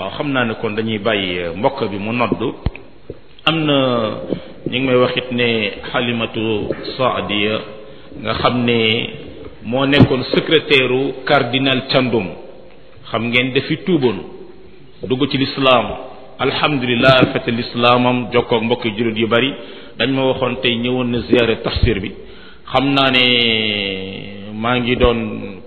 waaw xam naa ne kon dañuy bàyyi euh, mbokk bi mu nodd am na ñu ngi may waxit ne xalimatu saadiya nga xam ne moo nekkoon secrétaire u cardinal xam ngeen dafi tuuboon dugg ci lislaam alhamdulilah alfate lislaamam jokkoog mbokki jullit yu bari dañ ma waxoon tey ñëwoon na ziyaare tafsir bi xam naa ne maa ngi doon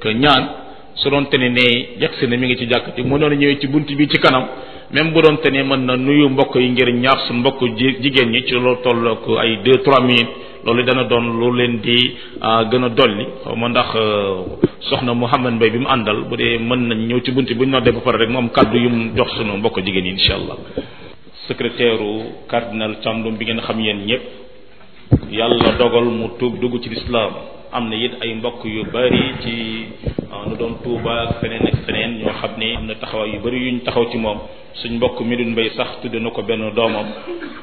ko ñaan su doon te ni ne yegsi na mi ngi ci jàkk te mu noonu ñëwee ci bunt bi ci kanam même bu doon te ne mën na nuyu mbokk yi ngir ñaax su mbokk jigéen ñi ci loolu toll ko ay deux trois minutes loolu dana doon lu leen di ah, gën a dolli xaw ma ndax euh, soxna Mouhamed Mbaye bi mu àndal bu dee mën nañ ñëw ci bunt bi bu ñu noddee ba pare rek mu am kàddu yu mu jox sunu mbokk jigéen yi incha allah. secrétaire u cardinal Thiandoum bi ngeen xam yéen ñëpp yàlla dogal mu tuub dugg ci lislaam am na it ay mbokk yu bari ci ah, nu doon Touba ak feneen ak feneen ñoo xam ne am na taxawaay yu bari yuñ taxaw ci moom suñ mbokk Medoune Mbaye sax tudde na ko benn doomam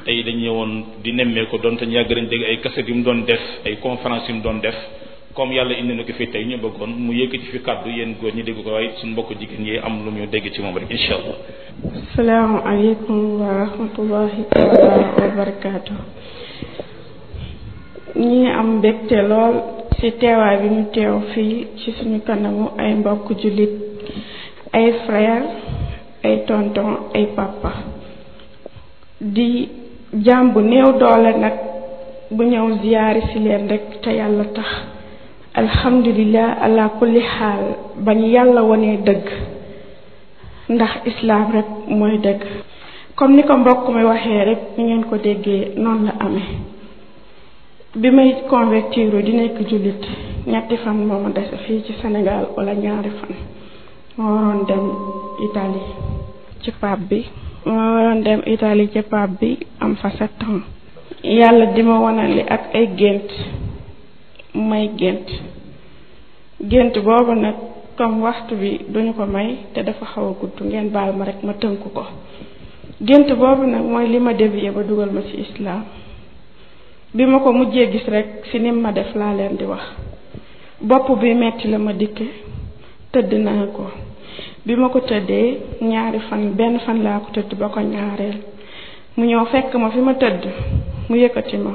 tey dañ woon di nemmee ko doon te ñu yàgg nañ dégg ay kaset yu mu doon def ay conférence yu mu doon def comme yàlla indi na ko fii tey ñu bëggoon mu yëkkati fi kàddu yéen góor ñu dégg ko waaye suñ mbokk jigéen ñi am lu ñu dégg ci moom rek incha allah. salaamaaleykum wa rahmatullahi wa ci teewaay bi mu teew fii ci suñu kanamu ay mbokk jullit ay frère ay tonton ay papa di jaam bu néew doole nag bu ñëw ziyaari si leen rek te yàlla tax alhamdulilah ala kulli xaal bañ yàlla wonee dëgg ndax islaam rek mooy dëgg comme ni ko mbokk mi waxee rek ñu ngeen ko déggee noonu la amee bi may convertir di nekk jullit ñetti fan moo des fii ci Sénégal wala ñaari fan ma waroon dem Italie ci pape bi ma waroon dem Italie bi am fa sept ans yàlla di ma wanali ak ay gént may gént gént boobu nag comme waxtu bi duñu ko may te dafa xaw a gudd ngeen baal ma rek ma tënk ko gént boobu nag mooy li ma dévier ba dugal ma ci islaam bi ma ko mujjee gis rekk si nim ma def laa leen di wax bopp bi metti la ma dikk tëdd naa ko bi ma ko tëddee ñaari fan benn fan laa ko tëdd ba ko ñaareel mu ñëw fekk ma fi ma tëdd mu yëkkati ma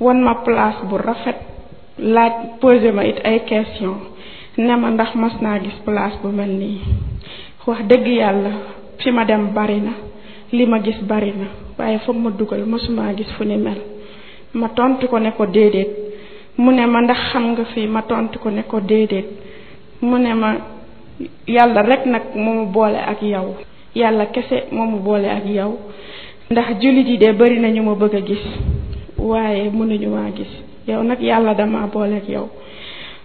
won ma place bu rafet laaj posé ma it ay question ne ma ndax mas naa gis place bu mel nii wax dëgg yàlla fi ma dem bari na li ma gis bari na waaye foog ma dugal masumaa gis fu ni mel ma tontu ko ne ko déedéet mu ne ma ndax xam nga fii ma tontu ko ne ko déedéet mu ne ma yàlla rek nag moomu boole ak yow yàlla kese moomu boole ak yow ndax jullit yi de bari nañu ma bëgg a gis waaye mënuñu maa gis yow nag yàlla dama boole ak yow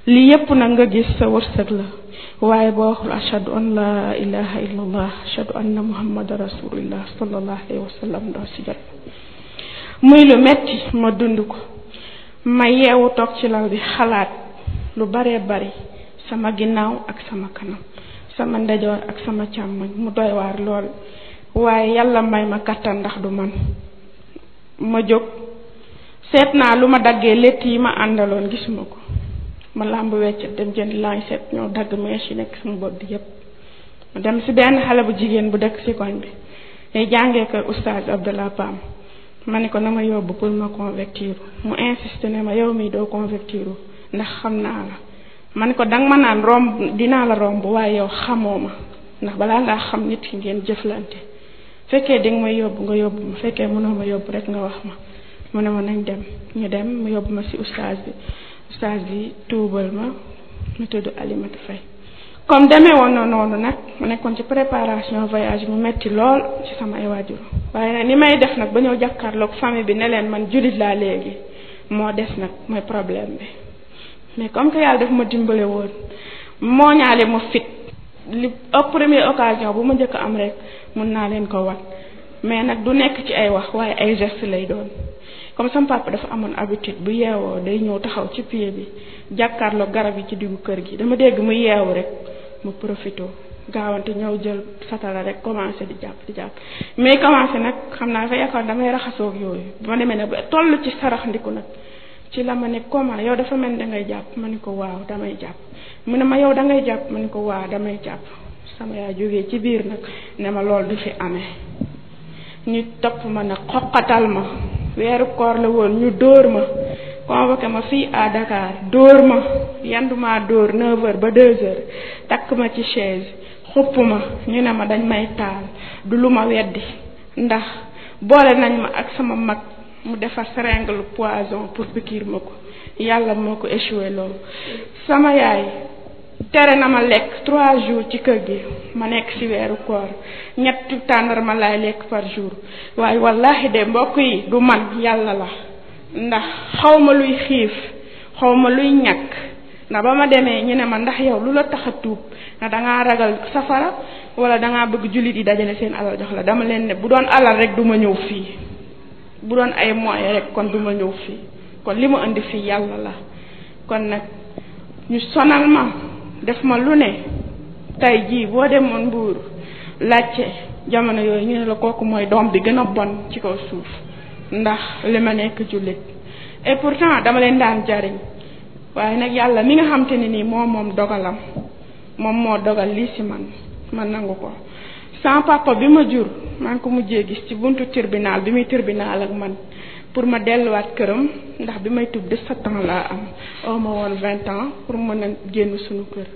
li yépp nag nga gis sa wërsëg la waaye boo waxul ashadu an laa ilaha illallah ashadu anna muhammadan rasulillah sallallahu alayhi wa muy lu metti ma dund ko ma yeewu toog ci lal bi xalaat lu baree bari sama ginnaaw ak sama kanam sama ndejoor ak sama càmmoñ mu doy waar lool waaye yàlla may ma kàttan ndax du man ma jóg seet naa lu ma daggee létt yi ma àndaloon gisuma ko ma làmb weccet dem jënd lancet ñëw dagg mèche yi nekk sama bopp bi yépp ma dem si benn xale bu jigéen bu dëkk si koñ bi day jàngee ko oustaz Abdallah Pam ma ne ko na ma yóbbu pour ma convertir mu insiste ne ma yow mii doo convertir ndax xam naa la ma ne ko danga ma naan romb dinaa la romb waaye yow xamoo ma ndax balaa ngaa xam nit ki ngeen jëflante fekkee danga may yóbbu nga yóbbu ma fekkee mënoo ma yóbbu rek nga wax ma mu ne ma nañ dem ñu dem mu yóbbu ma ci ustaas bi ustaas bi tuubal ma mu tudd Alimatu Fay comme demee woon na noonu nag mu nekkoon ci préparation voyage mu metti lool ci sama ay waajur waaye ni may def nag ba ñëw jàkkaarloog famille bi ne leen man jullit laa léegi moo des nag mooy problème bi mais comme que yàlla dafa ma dimbale woon moo ñaale ma fit li au première occasion bu ma njëkk am rek mun naa leen ko wan mais nag du nekk ci ay wax waaye ay geste lay doon comme sama papa dafa amoon habitude bu yeewoo day ñëw taxaw ci pied bi jàkkaarloog garab yi ci diggu kër gi dama dégg mu yeewu rek mu profité gaawante ñëw jël satala rek commencé di jàpp di jàpp mais commencé nag xam naa fa dafa yaakaar damay raxasoog yooyu ba ma demee nag ba toll ci sarax ndiku nag ci la ma ne comment yow dafa mel da ngay jàpp ma ne ko waaw damay jàpp mu ne ma yow dangay jàpp ma ne ko waaw damay jàpp sama yaa jógee ci biir nag ne ma lool du fi amee ñu topp ma nag xoqatal ma weeru koor la woon ñu dóor ma convoqué ma fii à Dakar dóor ma yandu maa dóor 9 ba 2h takk ci chaise xupp ma ñu ne ma dañ may taal du lu ma weddi ndax boole nañ ma ak sama mag mu defar seringue poison pour pikiir ma ko yàlla moo ko échoué loolu sama yaay tere na ma lekk trois jours ci kër gi ma nekk ci weeru koor ñetti tàndarma laay lekk par jour waaye wallahi de mbokk yi du man yàlla la ndax xaw ma luy xiif xaw ma luy ñàkk ndax ba ma demee ñu ne ma ndax yow lu la tax a tuub na dangaa ragal safara wala dangaa bëgg jullit yi dajale seen alal jox la dama leen ne bu doon alal du ma ñëw fii bu doon ay moyens kon du ma ñëw fii kon li ma indi fii yàlla la kon nag ñu ma def ma lu ne tey jii boo demoon mbuur laajte jamono yooyu ñu ne kooku mooy doom bi gën a bon ci kaw suuf ndax li ma nekk jullit et pourtant dama leen daan jariñ waaye nag yàlla mi nga xam te ne nii moo moom dogalam moom moo dogal lii si man ma nangu ko sans papa bi ma jur maa ngi ko mujjee gis ci buntu tribunal bi muy tribunal ak man pour ma delluwaat këram ndax bi may tub dix-sept ans laa am aw ma woon vingt ans pour mën a génn suñu kër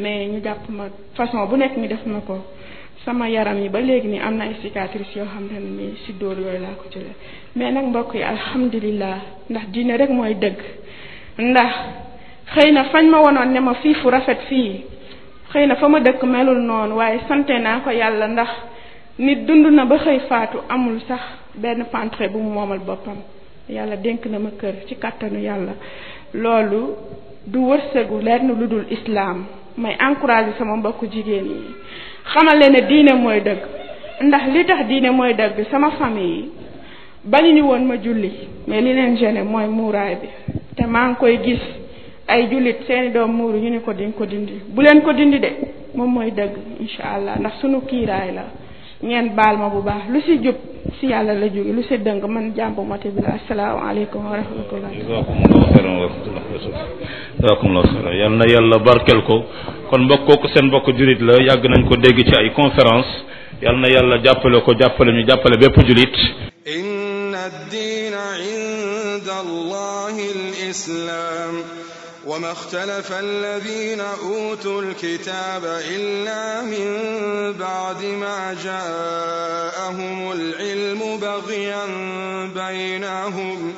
mais ñu jàpp ma façon bu nekk ñu def ma ko sama yaram yi ba léegi nii am na ay yoo xam ne nii si dóor yooyu laa ko jëlee mais nag mbokk yi alhamdulilah ndax diine rek mooy dëgg ndax xëy na fañ ma wonoon ne ma fii fu rafet fii xëy na fa ma dëkk melul noonu waaye sante naa ko yàlla ndax nit dund na ba xëy faatu amul sax benn pentre bu mu moomal boppam yàlla dénk na ma kër ci kàttanu yàlla loolu du wërsëgu na lu dul islaam may encouragé sama mbokk jigéen yi xamal leen ne diine mooy dëgg ndax li tax diine mooy dëgg sama famille yi bañu ñu woon ma julli mais li leen gêné mooy muuraay bi te maa ngi koy gis ay jullit seeni doom muuru ñu ne ko diñ ko dindi bu leen ko dindi de moom mooy dëgg incha allah ndax suñu kiiraay la ngeen baal ma bu baax lu si jub si yàlla la jóge lu si dëng man jàmbu mate bi la asalaamaaleykum wa rahmatullah jazakumullahu xayran wa rahmatullah jazakumullahu xayran yal na yàlla barkel ko kon mbokk kooku seen mbokk julit la yàgg nañ ko dégg ci ay conférence yal na yàlla jàppale ko jàppale ñu jàppale bépp julit inna الإسلام وما اختلف الذين أوتوا الكتاب إلا من بعد ما جاءهم العلم بغيا بينهم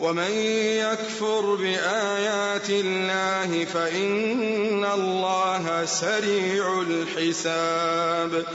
ومن يكفر بآيات الله فإن الله سريع الحساب